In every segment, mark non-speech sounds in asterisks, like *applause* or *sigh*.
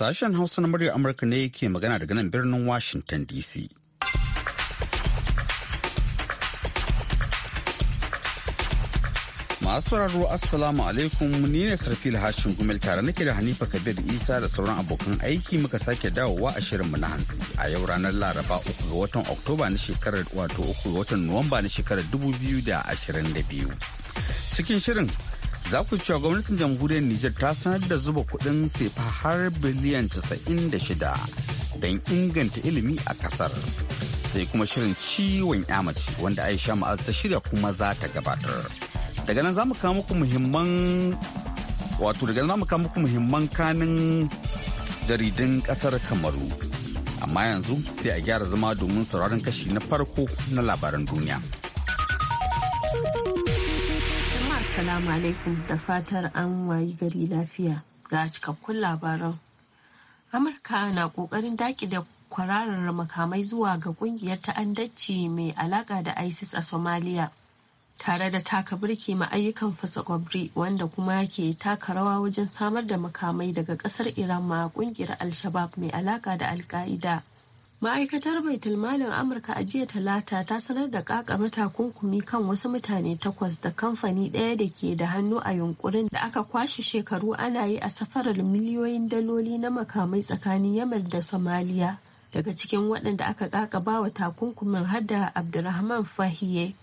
Sashen Hausa na muryar Amurka ne ke magana daga nan birnin Washington DC. Masu raro Assalamu alaikum ni ne Sarfil Hashin Gumel tare nake da Hanifa Kabir Isa da sauran abokan aiki muka sake dawowa a mu na hantsi a yau ranar Laraba uku ga watan Oktoba na shekarar wato uku ga watan Nuwamba na shekarar 2022. Cikin shirin za ku cewa gwamnatin jamhuriyar Nijar ta sanar da zuba kudin sefa har biliyan 96 don inganta ilimi a kasar Sai kuma shirin ciwon yamaci wanda Aisha Ma'az ta shirya kuma za ta gabatar. Daga nan za mu kawo muku muhimman wato daga nan za mu kawo muku muhimman kanin jaridun kasar Kamaru. Amma yanzu sai a gyara zama domin sauraron kashi na farko na labaran duniya. Assalamu alaikum da fatar an wayi gari lafiya ga cikakkun labaran. Amurka na ƙoƙarin da kwararar makamai zuwa ga ƙungiyar ta'andacci mai alaƙa da ISIS a Somalia. Tare da taka birki ma ayyukan fasakwabri wanda kuma ke taka rawa wajen samar da makamai daga ƙasar Iran ma ƙungiyar al mai alaƙa da al ma'aikatar tilmalin amurka a jiya talata ta sanar da kakaba takunkumi kan wasu mutane takwas da kamfani daya da ke da hannu a yunkurin da aka kwashe shekaru ana yi a safarar miliyoyin daloli na makamai tsakanin yamar da somaliya daga cikin waɗanda aka kakaba wa takunkumin hada abdulrahman fahiye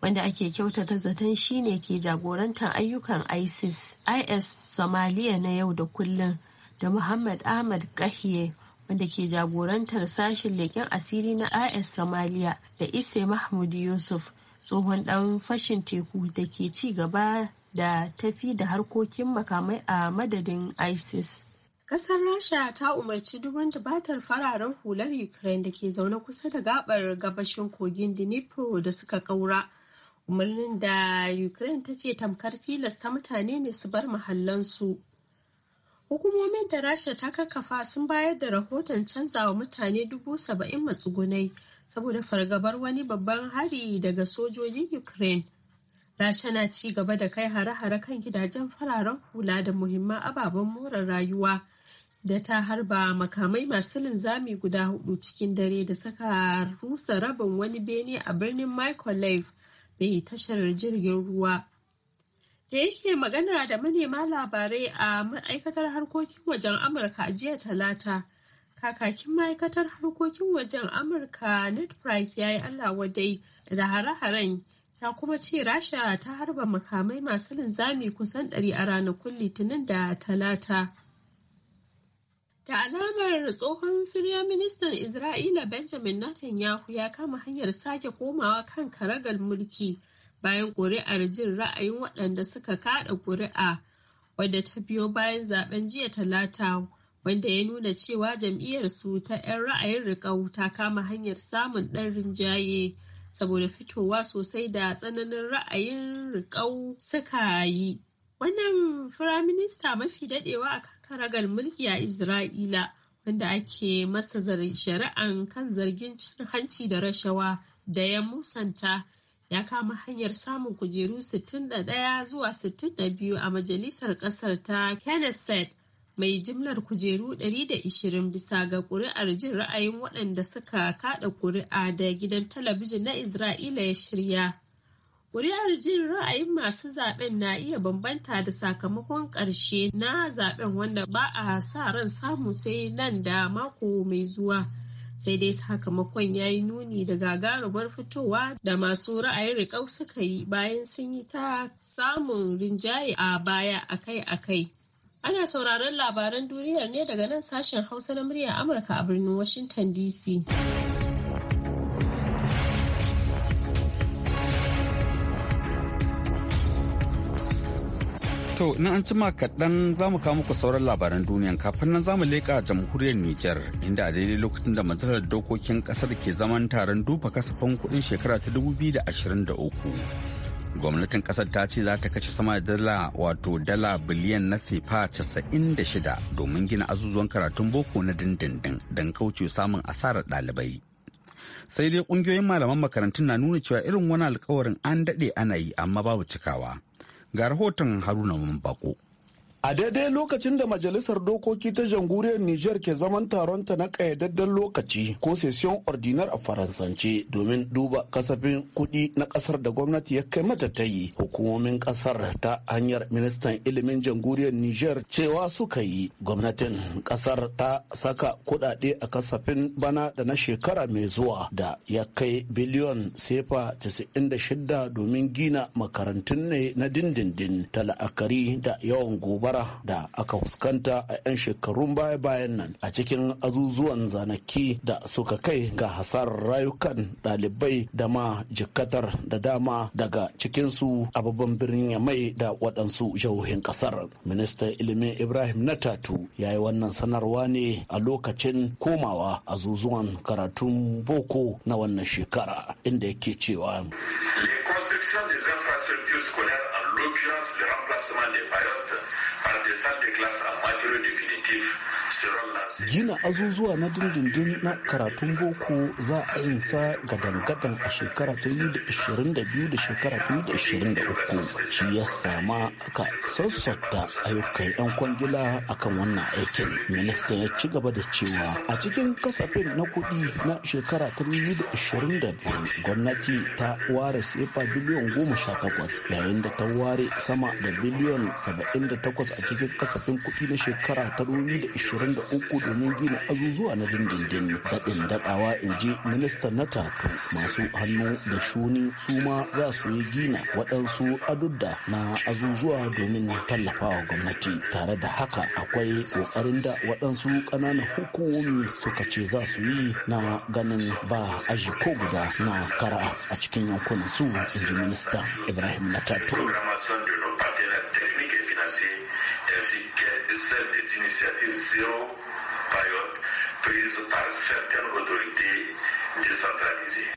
wanda ake kyautata zaton shine ke jagorantar ayyukan isis is somaliya na yau da kullum da muhammad ahmad kahiye wanda ke jagorantar sashen leƙen asiri na IS Somalia da Isse Mahmud Yusuf tsohon ɗan fashin teku da ke ci gaba da tafi da harkokin makamai a madadin ISIS. Kasar Rasha ta umarci wanda batar fararen hular Ukraine da ke zaune kusa da gabar gabashin kogin Dnipro da suka kaura. Umarnin da Ukraine ta ce tamkar tilasta mutane ne su bar mahallansu. Hukumomin da Rasha ta kakkafa sun bayar da rahoton canzawa mutane dubu saba'in matsugunai saboda fargabar wani babban hari daga sojojin Ukraine. Rasha na ci gaba da kai hare-hare kan gidajen fararen hula da muhimman ababen more rayuwa da ta harba makamai masu linzami guda hudu cikin dare da saka rusa rabin wani bene a birnin life mai tashar jirgin ruwa. da yake magana da manema labarai a ma'aikatar harkokin wajen amurka a jiya talata kakakin ma'aikatar harkokin wajen amurka net price ya yi allah wadai da hare-haren ya kuma ce rasha ta harba makamai masu linzami kusan ɗari a ranakun litinin da talata da alamar tsohon firayim ministan isra'ila benjamin netanyahu ya kama hanyar sake komawa kan karagar mulki. bayan ƙuri'ar jin ra'ayin waɗanda suka kaɗa ƙuri'a wadda ta biyo bayan zaben jiya talata wanda ya nuna cewa jam'iyyarsu ta 'yan ra'ayin riƙau ta kama hanyar samun ɗan rinjaye saboda fitowa sosai da tsananin ra'ayin riƙau suka yi wannan firaminista mafi daɗewa a kakaragar mulki a isra'ila wanda ake masa shari'an kan zargin cin hanci da rashawa da ya musanta ya kama hanyar samun kujeru 61 zuwa 62 a majalisar kasar ta Knesset mai jimlar kujeru 120 bisa ga kuri'ar jin ra'ayin waɗanda suka kaɗa kuri'a da gidan talabijin na Isra'ila ya shirya. Kuri'ar jin ra'ayin masu zaben na iya bambanta da sakamakon ƙarshe na zaben wanda ba a sa ran samu sai nan da mako mai zuwa. sai dai sakamakon ya yi nuni da gagarumar fitowa da masu ra'ayin riƙau suka yi bayan sun yi ta samun rinjaye a baya akai-akai. Ana sauraron labaran duniyar ne daga nan sashen Hausa na muryar Amurka a birnin Washington DC. To, na an cima kaɗan za mu kawo muku sauran labaran duniya kafin nan za mu leƙa jamhuriyar Nijar inda a daidai lokacin da matsalar dokokin ƙasar ke zaman taron duba kasafin kuɗin shekara ta 2023. Gwamnatin ƙasar ta ce za ta kashe sama da dala wato dala biliyan na sefa shida domin gina azuzuwan karatun boko na dindindin don kauce samun asarar ɗalibai. Sai dai ƙungiyoyin malaman makarantun na nuna cewa irin wani alkawarin an daɗe ana yi amma babu cikawa. Ga rahoton Haruna Bako. A daidai lokacin da Majalisar Dokoki ta Jamhuriyar Nijar ke zaman taronta na ƙayyadadden lokaci ko session ordinar a Faransance domin duba kasafin kuɗi na ƙasar da gwamnati ya kai mata ta yi. Hukumomin ƙasar ta hanyar ministan ilimin Jamhuriyar Nijar cewa suka yi gwamnatin ƙasar ta saka kuɗaɗe a kasafin bana da na shekara mai zuwa da ya kai biliyon sefa 96 domin gina makarantun ne na dindindin ta la'akari da yawan gobara asara da aka fuskanta a 'yan shekarun baya-bayan nan a cikin azuzuwan zanaki da suka kai ga hasarar rayukan ɗalibai da ma jikatar da dama daga cikinsu a babban birnin mai da waɗansu jihohin ƙasar. Ministan ilimin Ibrahim na Tatu ya yi wannan sanarwa ne a lokacin komawa azuzuwan karatun boko na wannan shekara inda yake cewa. Construction des infrastructures scolaires en l'occurrence le remplacement des périodes par des salles de classe à matériaux définitifs gina azuzuwa na dindindin na karatun boko za a yin sa gadan-gadan a shekara 2022 da shekara 2023 shi ya sama aka sassauta ayyukan 'yan kwangila akan wannan aikin ministan ya ci gaba da cewa a cikin kasafin na kuɗi na shekara 2022 gwamnati ta ware sefa biliyan 18 yayin da ta ware sama da biliyan 78 a cikin kasafin kuɗi na shekara 2023 23 domin gina azuzuwa na dindindin daɗin daɗawa in ji Minista na tatu masu hannu da shuni su ma za su yi gina waɗansu adudda na azuzuwa domin tallafawa gwamnati tare da haka akwai ƙoƙarin da waɗansu ƙananan hukumomi suka ce za su yi na ganin ba aji ko guda na kara a cikin yankunan su in ji minista ibrahim na tatu des initiatives zéro période prises par certaines autorités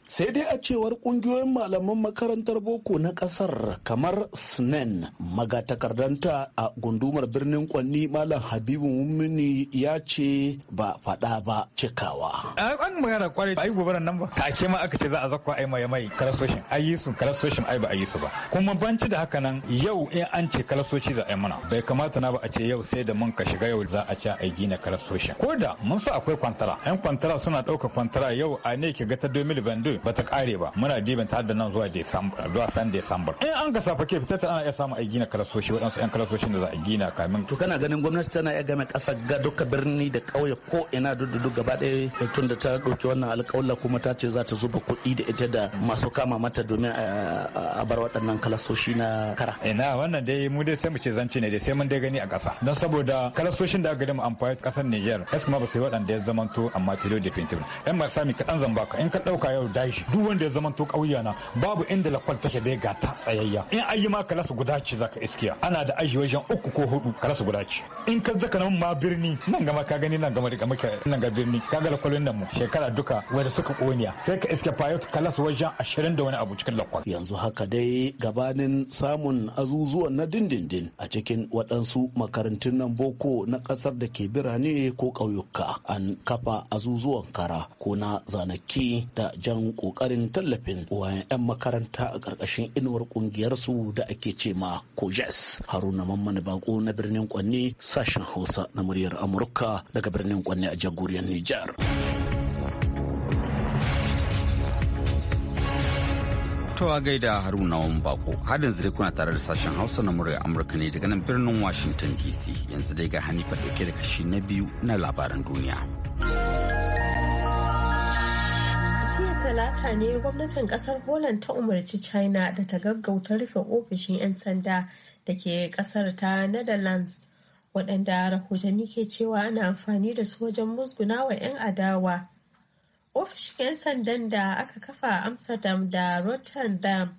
sai dai a cewar kungiyoyin malaman makarantar boko na kasar kamar snen magatakardanta a gundumar birnin kwanni malam habibu mummini ya ce ba faɗa ba cikawa an magana kwarai ba yi gobarar nan ba ta take ma aka ce za a zakwa ai mai mai kalasoshin ai yi su kalasoshin ai ba a yi su ba kuma banci da haka nan yau in an ce kalasoshi za a yi mana bai kamata na ba a ce yau sai da mun ka shiga yau za a ce yi gina kalasoshin. ko da mun sa akwai kwantara yan kwantara suna ɗaukar kwantara yau a ne dai ki ga ta 2022 ba ta kare ba muna diban ta da nan zuwa December zuwa san December in an ga safa ke fita ta ana iya samu a gina kalasoshi waɗansu yan kalasoshin da za a gina kamin to kana ganin gwamnati tana iya game ƙasa ga duka birni da ƙauye ko ina dudu gaba ɗaya tun da ta ɗauki wannan alƙawalla kuma ta ce za ta zuba kuɗi da ita da masu kama mata domin eh, a bar waɗannan kalasoshi na kara ina wannan dai mu dai sai mu ce zance ne dai sai mun dai gani a ƙasa don saboda kalasoshin da aka gani mu amfani ƙasar Niger eskima ba sai waɗanda ya zamanto amma tilo definitive yan ma sami kaɗan zamba baka in ka dauka yau dashi duk wanda ya to kauya na babu inda lakwal take dai ga ta tsayayya in ayi ma kalasu guda ci zaka iskiya ana da aji wajen uku ko hudu kalasu guda ci. in ka zaka nan ma birni nan gama ka gani nan gama da muke nan ga birni ka ga lakwalin nan mu shekara duka wanda suka koniya sai ka iske fayot kalasu wajen 20 da wani abu cikin lakwal yanzu haka dai gabanin samun azuzuwan na dindindin a cikin waɗansu makarantun nan boko na ƙasar da ke birane ko ƙauyuka an kafa azuzuwan kara ko na zane gonaki da jan kokarin tallafin wayan 'yan makaranta a ƙarƙashin inuwar ƙungiyarsu da ake ce ma kojes haruna mamman bako na birnin kwanne sashen hausa na muryar amurka daga birnin kwanne a jagoriyar nijar tawa gaida haruna wan bako hadin zire kuna tare da sashen hausa na murya amurka ne daga nan birnin washington dc yanzu dai ga hanifa dauke da kashi na biyu na labaran duniya. talata ne gwamnatin kasar Holland ta umarci China da ta gaggauta rufe ofishin 'yan sanda da ke kasar ta Netherlands waɗanda rahotanni ke cewa ana amfani da su wajen musguna wa 'yan adawa. Ofishin 'yan sandan da aka kafa a Amsterdam da Rotterdam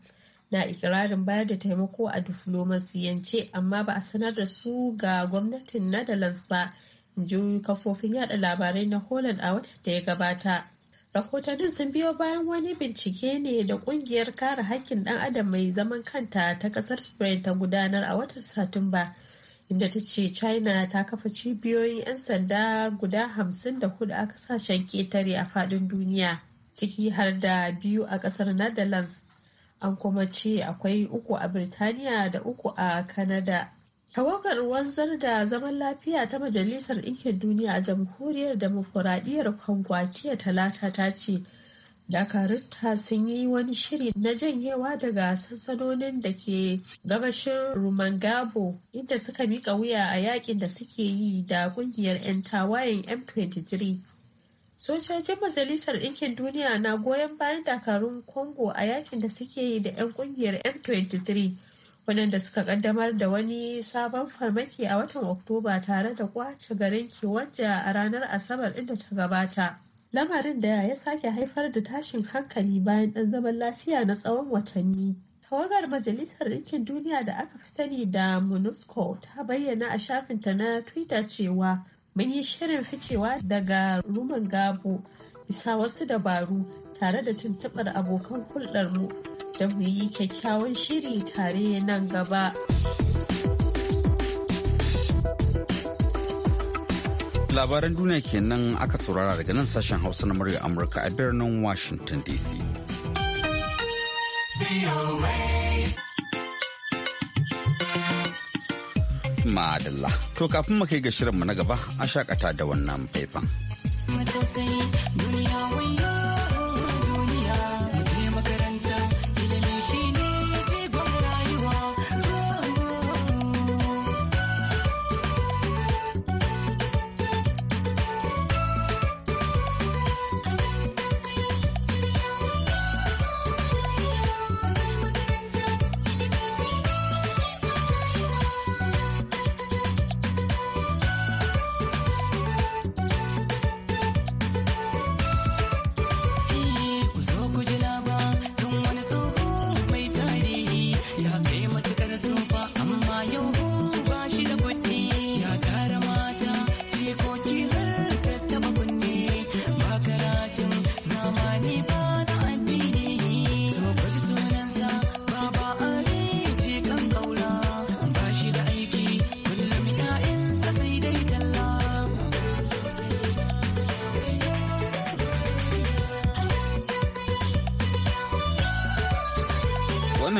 na ikirarin bayar da taimako a diflomasiyance amma ba a sanar da su ga gwamnatin Netherlands ba, in ji kafofin yada labarai na Holland a watan da ya gabata. rahotannin sun biyo bayan wani bincike ne da kungiyar kare hakkin dan adam mai zaman kanta ta ƙasar spain ta gudanar a watan satumba inda ta ce china ta kafa cibiyoyin 'yan sanda guda 54 a kasashen ketare a faɗin duniya ciki har da biyu a ƙasar netherlands an kuma ce akwai uku a birtaniya da uku a canada Tawagar wanzar da zaman lafiya ta Majalisar Ɗinkin Duniya a Jamhuriyar Kongo Kwangwa jiya talata ta ce, Dakarunta sun yi wani shiri na janyewa daga sansanonin da ke gabashin Rumangabo inda suka mika wuya a yakin da suke yi da ƙungiyar 'yan tawayen M23. Sojojin Majalisar Ɗinkin Duniya na goyon bayan dakarun Kongo a yakin da suke yi da 'yan ƙungiyar M23. waɗanda suka kaddamar da wani sabon farmaki a watan oktoba tare da kwace garin kiwanja a ranar asabar inda ta gabata lamarin da ya sake haifar da tashin hankali bayan ɗan zaman lafiya na tsawon watanni tawagar majalisar ɗinkin duniya da aka fi sani da monusco ta bayyana a shafinta na twitter cewa mun yi shirin ficewa daga ruman gabo bisa wasu dabaru tare da tuntuɓar abokan hulɗarmu da mu yi kyakkyawan shiri tare nan gaba. Labaran duniya kenan aka saurara daga nan sashen Hausa na murya Amurka a birnin Washington DC. Madalla, to kafin mu kai ga shirinmu na gaba a shakata da wannan faifan. duniya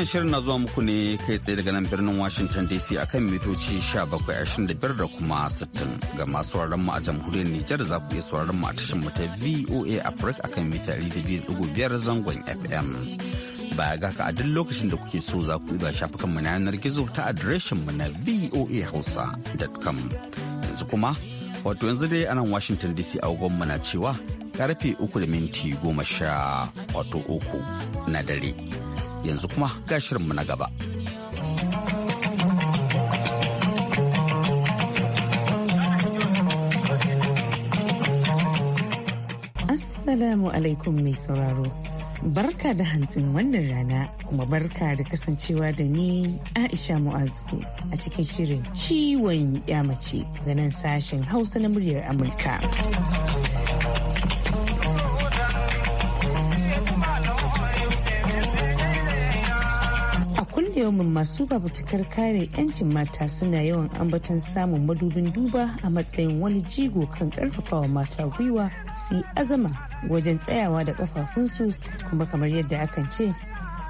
Wannan shirin na zuwa muku ne kai tsaye daga nan birnin Washington DC akan mitoci 1725 da kuma 60 ga masu sauraron mu a jamhuriyar Nijar za ku iya sauraron mu a tashar mu ta VOA Africa akan mita biyar zangon FM. Baya ga ka a duk lokacin da kuke so za ku iya shafukan mu na yanar gizo ta adireshin mu na voahausa.com. Yanzu kuma wato yanzu dai a nan washington dc agogon mana cewa karfe uku da minti goma sha wato uku na dare yanzu kuma ga shirinmu na gaba. Assalamu alaikum mai sauraro. Barka da hantsin wannan rana kuma barka da kasancewa da ni Aisha Mu'azu a cikin shirin ciwon mace ga nan sashen Hausa na muryar Amurka. yawan masu fafutukar kare 'yancin mata suna yawan ambaton samun madubin duba a matsayin wani jigo kan karfafawa mata gwiwa su yi azama wajen tsayawa da kafafunsu kuma kamar yadda akan ce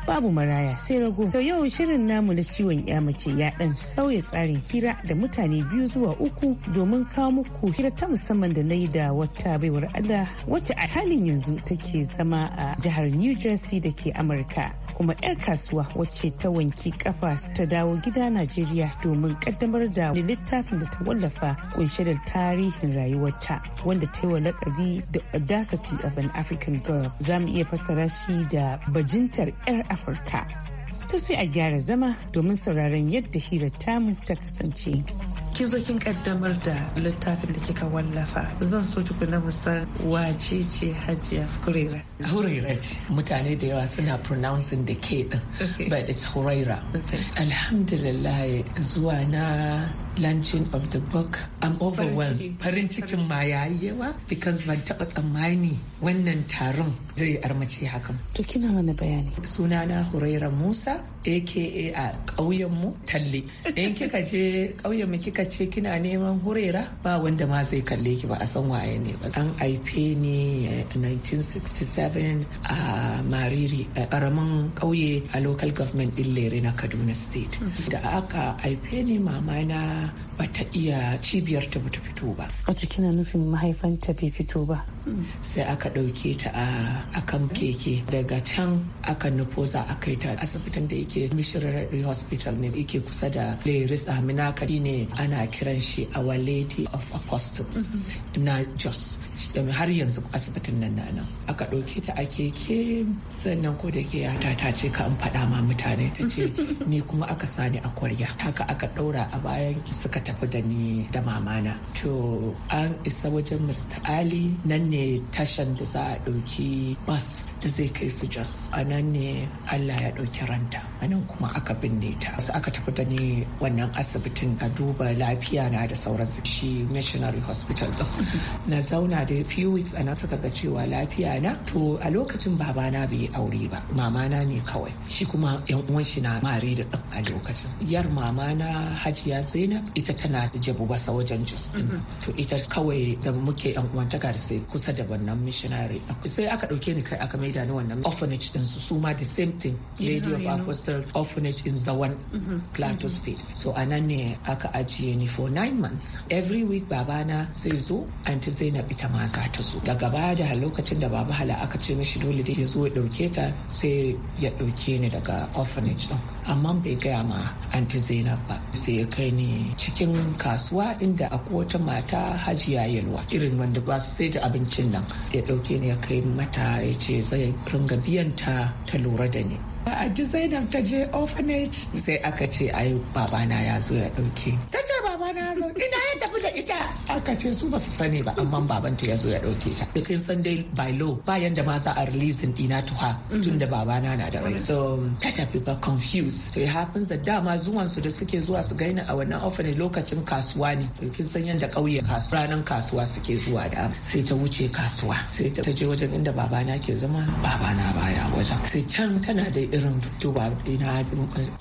babu maraya sai rago. To yau shirin namu na ciwon ya mace ya dan sauya tsarin hira da mutane biyu zuwa uku domin kawo muku hira ta musamman da na yi da wata baiwar Allah wacce a halin yanzu take zama a jihar New Jersey da ke Amurka. kuma 'yar kasuwa wacce ta wanki kafa ta dawo gida najeriya domin kaddamar da wani littafin da ta wallafa kunshe da tarihin rayuwarta wanda ta yi wa lakabi the audacity of an african girl za mu iya fassara shi da bajintar 'yar afirka ta sai a gyara zama domin sauraron yadda hirar tamu ta kasance. kin zo kin kaddamar da littafin da kika wallafa zan so tukuna musan wace ce hajiya hurera hurera ce mutane da yawa suna pronouncing da k din but it's hurera alhamdulillah zuwa na launching of the book i'm overwhelmed farin cikin ma yi yawa because ban taɓa tsammani wannan taron zai armace hakan to kina mana bayani sunana huraira musa aka a ƙauyen mu talle in kika je ƙauyen mu kika ce kina neman huraira ba wanda ma zai kalle ki ba a san waye ne ba an haife ni 1967 eh, a mariri a ƙaramin ƙauye a local government ɗin lere na kaduna state da aka haife ni mama na ba ta iya cibiyar ta bata fito ba. A kina nufin mahaifanta bai fito ba? Sai aka ɗauke ta a kan keke daga can aka nufo za a kai ta asibitin da yake missionary hospital ne yake kusa da Leris kadi ne ana kiran shi a Lady of Apostles na Jos. Domin har yanzu asibitin nan na nan. Aka ɗauke ta a keke sannan ko da ke yata ta ce ka an faɗa ma mutane ta ce ni kuma aka sani a kwarya. Haka aka ɗaura a bayan suka tafi da ni da mamana to an isa wajen mr ali nan ne tashan da za a ɗauki bas da zai kai su jos a nan ne allah ya ɗauki ranta a nan kuma aka binne ta su aka tafi da ni wannan asibitin a duba lafiya na da sauransu shi missionary hospital ɗin *laughs* na zauna da few weeks a suka ga cewa lafiya na to a lokacin babana bai yi aure ba mamana ne kawai shi kuma yan uwan shi na mare da ɗan a lokacin yar mamana hajiya zainab ita tana jabu basa wajen jos mm-hmm. to ita kawai da muke yan uwantaka da sai kusa da wannan missionary sai aka dauke ni kai aka maida ni wannan orphanage din su su ma the same thing lady of apostle orphanage in zawan mm-hmm. plateau mm-hmm. state so anan ne aka ajiye ni for nine months every week babana zai zo anti zainab ita ma za ta zo daga baya da lokacin da baba hala aka ce mishi dole da ya zo ya dauke ta sai ya dauke ni daga orphanage din amma bai gaya ma anti zainab ba sai ya kai ni cikin kasuwa inda akwai wata mata hajiya yalwa irin wanda ba su sai da abincin nan ya dauke ni ya kai mata ya ce zai ringa biyan ta ta lura da ni a Zainab ta je orphanage sai aka ce ai babana ya zo ya dauke. Ta baba zo ina ya tafi da ita aka ce su basu sani ba amma babanta ya zo ya dauke ta da kin san dai by law bayan da ma za a release ina tuha. Mm-hmm. Tunda tun baba na da rai so ta tafi ba confused to it happens da dama zuwan su da suke zuwa su gaina a wannan orphanage lokacin kasuwa ne kin san yanda kauye kasuwa ranan kasuwa suke zuwa da sai ta wuce kasuwa sai ta je wajen inda baba ke zama baba na baya wajen sai can tana da irin duba ina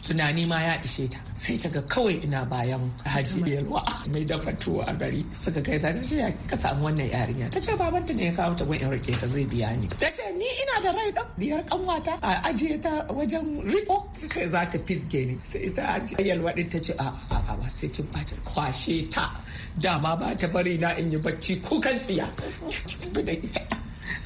tunani ma ya ishe ta sai ta ga kawai ina bayan haji yalwa mai dafa tuwo a gari suka kai ta ce ka samu wannan yarinya ta ce babanta ne ya kawo ta gwan rike ta zai biya ni ta ce ni ina da rai dan biyar kanwata a ajiye ta wajen riko ta ce za ta fisge ni sai ta yalwa din ta ce a a ba sai kin bata kwashe ta dama ba ta bari na in yi bacci kukan tsiya *laughs*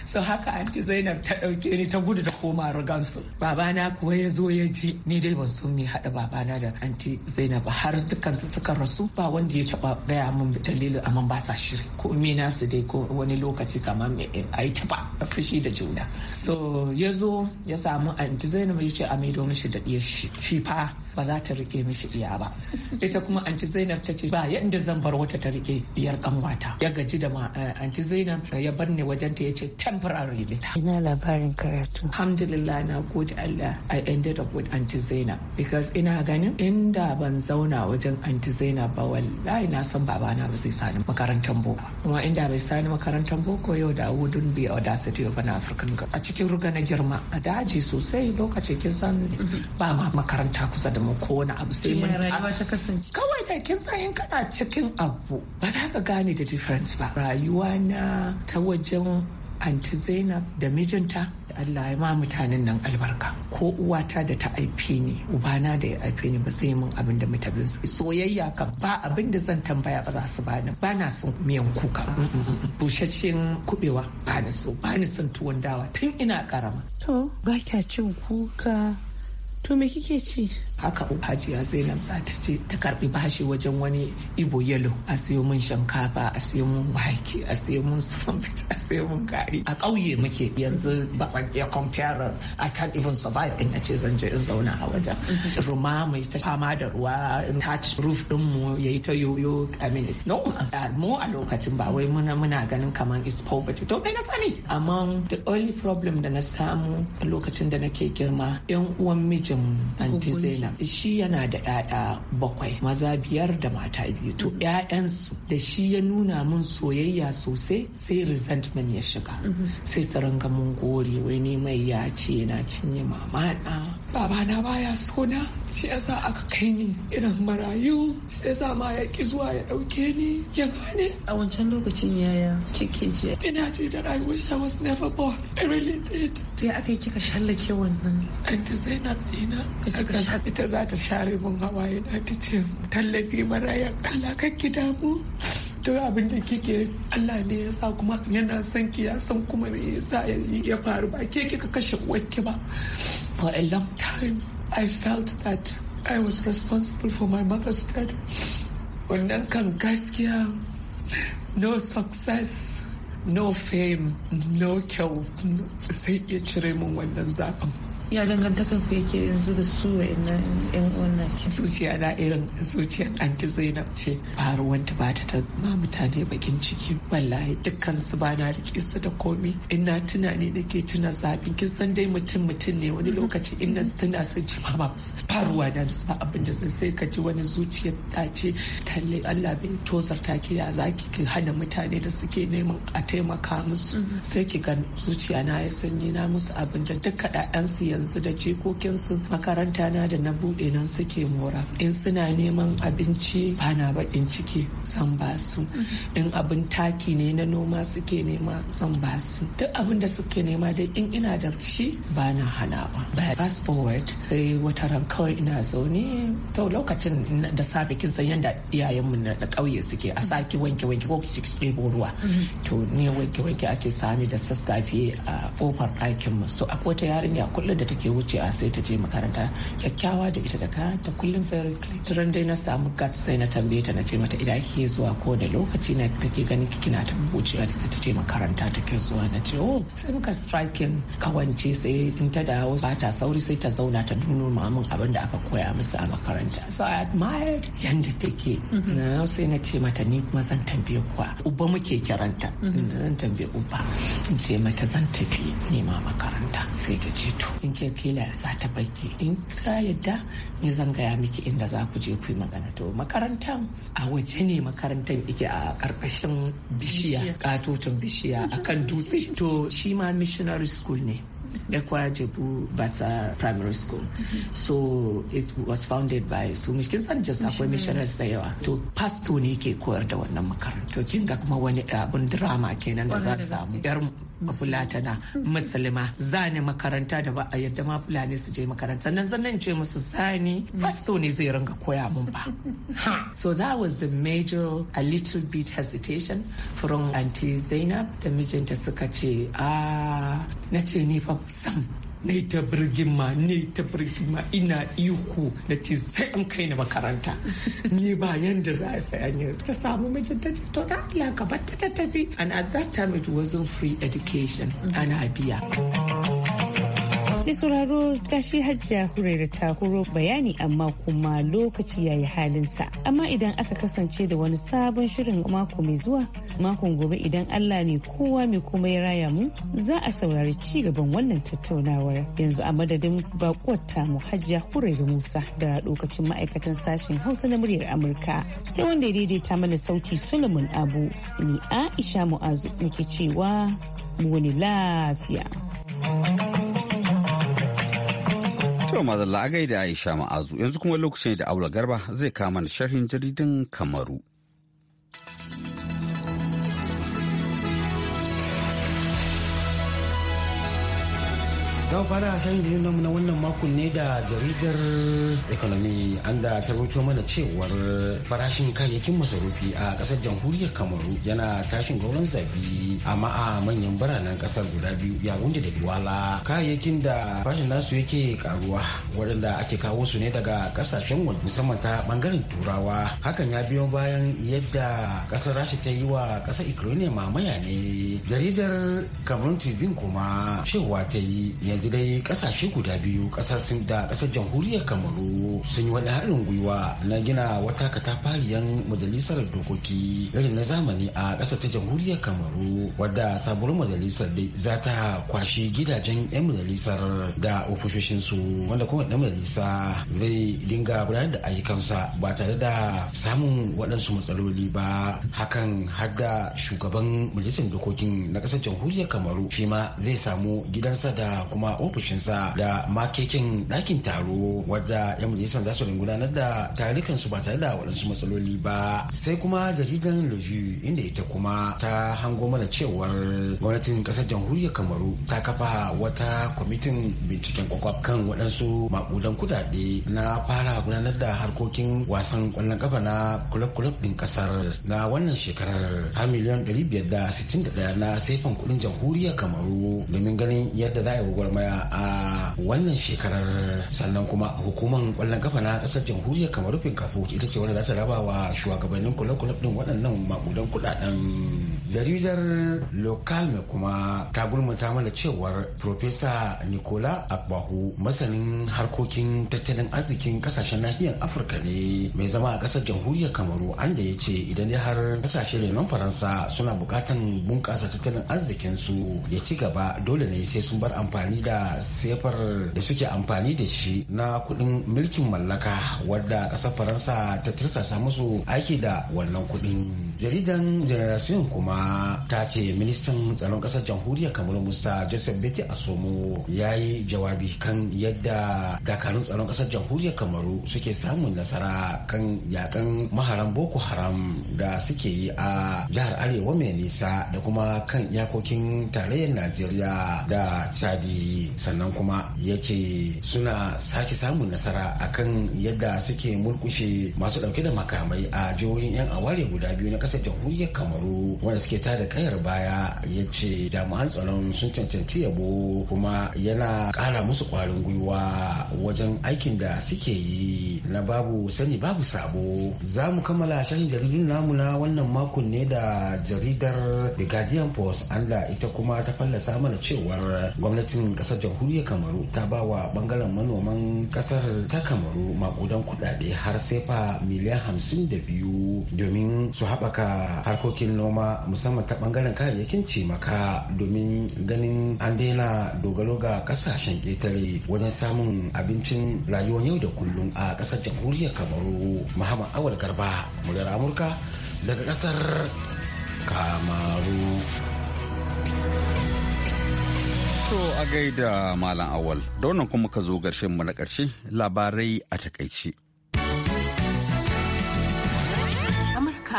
so haka anti zainab ta ɗauke ni ta gudu da koma rugansu babana kuwa ya zo ya ji ni dai ban so mai haɗa babana da anti zainab har dukansu suka rasu ba wanda ya taɓa gaya min dalilin amma ba sa shiri ko me nasu dai ko wani lokaci kamar me eh, a yi taɓa fushi da juna so ya zo ya samu anti zainab ya ce a maido mishi da ɗiyar shi fa ba za ta rike mishi iya ba ita kuma anti zainab ta ce ba yadda zan bar wata ta rike diyar kanwata ya gaji da ma eh, anti zainab ya bar ni wajen ta ya ce ta temporary ne ina labarin karatu alhamdulillah na gode Allah I ended up with Aunty Zainab because ina ganin inda ban zauna wajen Aunty Zainab ba wallahi na san babana ba zai sani makarantar boko kuma inda bai sani makarantar boko yau da wouldn't be audacity of an African girl a cikin ruga na girma a daji sosai lokacin kin san ba ma makaranta kusa da mu ko wani abu sai mun kawai kin san in kana cikin abu ba za ka gane da difference ba rayuwa na ta wajen anti zainab da mijinta allah ya ma mutanen nan albarka ko uwata da ta aife ni ubana da ya aife ni ba zai min abin da mutane su soyayya kan ba abin da zan tambaya ba za su bani ba na son miyan kuka bushashin kubewa ba ni so ba ni son tuwon dawa tun ina karama to ba kya cin kuka to me kike ci haka umm hajiya zainab za ta ce ta karbi bashi wajen wani ibo yalo a siyo mun shinkafa a siyo mun wake a siyo mun sufan *laughs* a siyo mun gari a ƙauye muke yanzu ba zan iya compare i can't even survive in ce zan je in zauna a wajen mm-hmm. ruma mai ta fama da ruwa in touch roof din mu yayi ta yoyo i mean it's no mu a lokacin ba wai muna muna ganin kamar is poverty to na sani amma the only problem da na samu a lokacin da nake girma yan uwan mijin anti zainab nan shi yana da 'ya'ya bakwai maza biyar da mata biyu to mm-hmm. ƴaƴansu. da shi ya nuna mun soyayya sosai sai resentment ya shiga mm-hmm. sai su ringa mun gore wai ne mai ya ce na cinye mamana babana baya sona shi yasa aka kai ni irin marayu shi yasa ma ya ki zuwa ya dauke ni ya gane a wancan lokacin yaya kike ji ina ji da rayuwar shi was never born i really did to ya aka yi kika shallake wannan anti zainab dina Kika ita za ta share mun hawaye na ta ce tallafi maraya Allah kakki damu to abin da kike Allah ne ya sa kuma yana son ki ya san kuma me yasa ya faru ba ke kika kashe uwarki ba for a long time, I felt that I was responsible for my mother's death. Wannan kan gaskiya, no success, no fame, no kill. Say iya cire min wannan zaɓen. ya dangantakar ku yake yanzu da su wa'annan yan wannan zuciya na irin zuciyar anti zainab ce ba ruwanta ba ta ma mutane bakin ciki wallahi dukkan su ba na rike su da komi ina tunani nake tuna zaɓi kin dai mutum mutum ne wani lokaci ina tuna sun ji mama ba ruwa na ba abin da sun sai ka ji wani zuciyar ta ce talle Allah bai tozar ta ki ya zaki ki hana mutane da suke neman a taimaka musu mm-hmm. sai ki ga zuciya na ya sanyi na musu abin da duka ɗayan 'ya'yansu yanzu da jikokinsu makaranta na da na buɗe nan suke mora in suna neman abinci ba na baƙin ciki zan ba su mhm. in abin taki ne na noma suke nema zan ba su duk abin da suke nema dai in ina da shi ba na hana ba fast forward sai wata ran kawai ina zaune to lokacin da safe kin san yanda iyayenmu na ƙauye suke a saki wanke wanke ko ki ɗebo ruwa mhm. to ne wanke wanke ake sani da sassafe a kofar ɗakin mu so akwai ta yarinya kullum da da take wuce a sai ta je makaranta kyakkyawa da ita da kayan ta kullum very clean turan dai na samu gat sai na tambaye ta na ce mata idan ke zuwa ko da lokaci na kake ganin kina ta wucewa sai ta je makaranta ta ke zuwa na ce oh sai muka strike kawance sai in ta dawo ba ta sauri sai ta zauna ta nuno mamun abin da aka koya musu a makaranta so i admired yanda take na sai na ce mata ni kuma zan tambaye kuwa uba muke kiranta mm-hmm. zan tambaye uba in ce mata zan tafi nema makaranta sai ta ce to in ke kila za ta baki in ka yadda ni zan gaya miki inda za ku je ku yi magana to makarantar a waje ne makarantar ike a karkashin bishiya katotun bishiya a kan dutse to shi ma missionary school ne Ekwa Jebu Basa Primary School. So it was founded by su miskin san jasa akwai missionaries da yawa. To pastor ne ke koyar da wannan makaranta. To kin ga kuma wani abun drama kenan da za ta samu. tana musulma zani makaranta da ba a yadda ma fulani su je makaranta nan zan ce musu zani fasto ne zai ringa koya mun ba so that was the major a little bit hesitation from auntie zainab da mijinta suka ce a ah, na ce ni fa sam na ta birgima ne ta birgima ina iko na ce sai an kai ni makaranta ni ba yanda za a saya ta samu mijin ta ce to da Allah ka bar ta tafi and at that time it wasn't free education ana biya. ni sauraro gashi hajja hurera ta horo bayani amma kuma lokaci yayi halinsa. Amma idan aka kasance da wani sabon shirin mako mai zuwa, makon gobe idan Allah ne kowa mai kuma ya raya mu za a saurari ci gaban wannan tattaunawar. Yanzu a madadin bakuwar tamu hajja hurera Musa da lokacin ma'aikatan sashen Hausa na muryar Amurka. Sai wanda ya daidaita mana sauti Solomon Abu, ni Aisha Mu'azu nake cewa mu wani lafiya. To mazalla a gaida Aisha Ma'azu yanzu kuma lokacin da Aula Garba zai kama da sharhin jaridun Kamaru. za fara a shan jirgin na wannan makon ne da jaridar ekonomi an da ta rubuto mana cewar farashin kayayyakin masarufi a kasar jamhuriyar kamaru yana tashin gauran zabi amma a manyan biranen kasar guda biyu ya wunde da duwala kayayyakin da farashin nasu yake karuwa waɗanda ake kawo su ne daga kasashen waje musamman ta bangaren turawa hakan ya biyo bayan yadda kasar rasha ta yi wa kasar ukraine mamaya ne jaridar kamarun tribune kuma cewa ta yi yanzu dai kasashe guda biyu kasar sin da kasar jamhuriyar kamaru sun yi wani haɗin gwiwa na gina wata katafariyar majalisar dokoki irin na zamani a kasar ta jamhuriyar kamaru wadda sabuwar majalisar dai za ta kwashi gidajen 'yan majalisar da ofishoshinsu wanda kuma ɗan majalisa zai dinga gudanar da ayyukansa ba tare da samun waɗansu matsaloli ba hakan har da shugaban majalisar dokokin na ƙasar jamhuriyar kamaru shi ma zai samu gidansa da kuma a ofishinsa da makekin ɗakin taro wadda 'yan majalisar za su gudanar da tarikan su ba tare da waɗansu matsaloli ba sai kuma jaridan loji inda ita kuma ta hango mana cewar gwamnatin ƙasar jamhuriyar kamaru ta kafa wata kwamitin binciken kwakwaf kan waɗansu maƙudan kuɗaɗe na fara gudanar da harkokin wasan ƙwallon ƙafa na kulab ɗin ƙasar na wannan shekarar har miliyan ɗaya na saifan kuɗin jamhuriyar kamaru domin ganin yadda za a yi gwagwarmaya a wannan shekarar sannan kuma hukumar kwallon kafa na kasar jamhuriyar kamar rufin kafu ita ce wanda za ta raba wa shugabannin kula-kula din waɗannan maƙudan kuɗaɗen jaridar local mai kuma ta gulmata mana cewar profesa nicola akbahu masanin harkokin tattalin arzikin kasashen nahiyar afirka ne mai zama a kasar jamhuriyar kamaru an da ya ce idan ya har kasashe renon faransa suna bukatan bunkasa tattalin arzikin su ya ci gaba dole ne sai sun bar amfani da sefar da suke amfani da shi na kudin mulkin mallaka wadda kasar faransa ta tirsasa musu aiki da wannan kudin jaridan generation kuma ta ce ministan tsaron kasar jamhuriyar kamaru musa joseph beti asomo ya yi jawabi kan yadda dakarun tsaron kasar jamhuriyar kamaru suke samun nasara kan yakan maharan boko haram da suke yi a jihar arewa mai nisa da kuma kan yakokin tarayyar najeriya da chadi sannan kuma ya ce suna sake samun nasara akan yadda suke mulkushe masu dauke da makamai a jihohin yan aware guda biyu na kasar ƙasar jamhuriyar kamaru wanda suke ta da kayar baya ya ce jami'an tsaron sun cancanci yabo kuma yana ƙara musu kwarin gwiwa wajen aikin da suke yi na babu sani babu sabo za mu kammala shan jaridun namu na wannan makon ne da jaridar the guardian post da ita kuma ta fallasa mana cewar gwamnatin kasar jamhuriyar kamaru ta ba wa ɓangaren manoman kasar ta kamaru makudan kudade har sai fa miliyan hamsin da biyu domin su haɓaka haɓaka harkokin noma musamman ta bangaren kayayyakin cimaka domin ganin an daina dogaro ga kasashen ƙetare wajen samun abincin rayuwar yau da kullum a ƙasar jamhuriyar kamaru muhammad awal garba muryar amurka daga ƙasar kamaru to a gaida malam awal da wannan kuma ka zo mu na ƙarshe labarai a takaici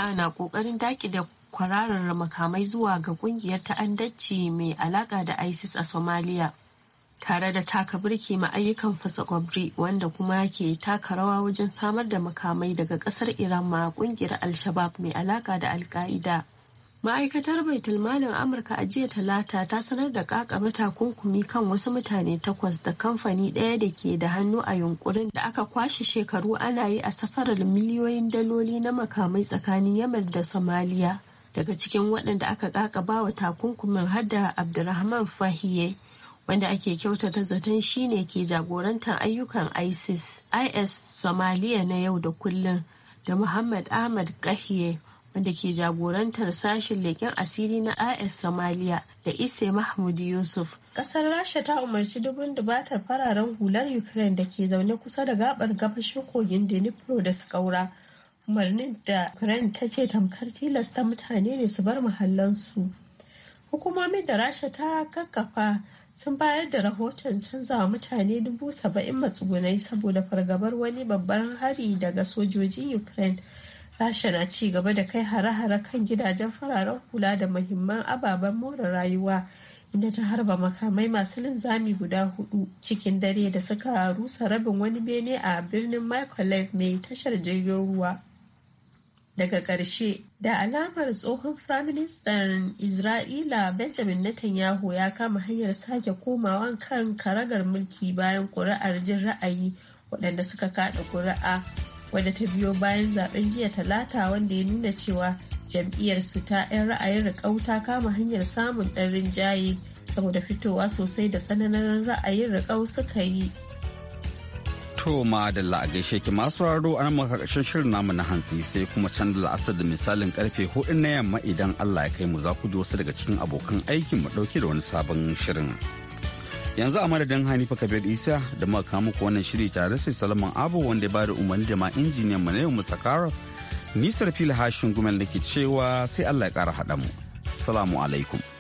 jama'a na ƙoƙarin da kwararar makamai zuwa ga ƙungiyar ta'andacci mai alaƙa da isis a somaliya tare da taka birki ma ayyukan fasa kwabri wanda kuma ke taka rawa wajen samar da makamai daga ƙasar iran ma kungiyar al-shabab mai alaƙa da al-qaida ma'aikatar tilmalin amurka a jiya talata ta sanar da kakaba takunkumi kan wasu mutane takwas da kamfani ɗaya da ke da hannu a yunkurin da aka kwashe shekaru ana yi a safarar miliyoyin daloli na makamai tsakanin yamar da somaliya daga cikin waɗanda aka kakaba wa takunkumin hada abdulrahman fahiye wanda ake kyautata zaton shine ke jagorantar ayyukan isis is somalia na yau da kullun da muhammad ahmad kahiye wanda ke jagorantar sashen leken asiri na IS Somalia da Ise Mahmud Yusuf. Kasar Rasha ta umarci dubun dubatar fararen hular Ukraine da ke zaune kusa da gabar gabashin kogin Dnipro da su kaura. Umarnin da Ukraine ta ce tamkar tilasta mutane ne su bar mahallansu. Hukumomin da Rasha ta kakkafa sun bayar da rahoton canzawa mutane dubu saba'in matsugunai saboda fargabar wani babban hari daga sojojin Ukraine. rasha na ci gaba da kai hare-hare kan gidajen fararen hula da muhimman ababen more rayuwa inda ta harba makamai masu linzami guda hudu cikin dare da suka rusa rabin wani bene a birnin microlife mai tashar jirgin ruwa daga ƙarshe da alamar tsohon firaministan isra'ila benjamin netanyahu ya kama hanyar sake komawa kan karagar mulki bayan ƙuri'ar jin ra'ayi waɗanda suka kaɗa ƙuri'a wadda ta biyo bayan zaben jiya talata wanda ya nuna cewa jam'iyyarsu ta 'yan ra'ayin rikau ta kama hanyar samun ɗan rinjaye saboda fitowa sosai da tsananin ra'ayin rikau suka yi. To ma da gaishe sheki masu raro an maka shirin namu na hantsi sai kuma can da la'asar da misalin karfe hudu na yamma idan Allah ya kai mu za ku ji wasu daga cikin abokan aikin mu ɗauke da wani sabon shirin. yanzu a madadin hanifa kabir isa da muka kawo muku wannan shiri tare sai salaman abu wanda ya bada umarni da ma injiniyan mu na yau karo nisar fil hashin gumel da ke cewa sai allah ya kara haɗa mu salamu alaikum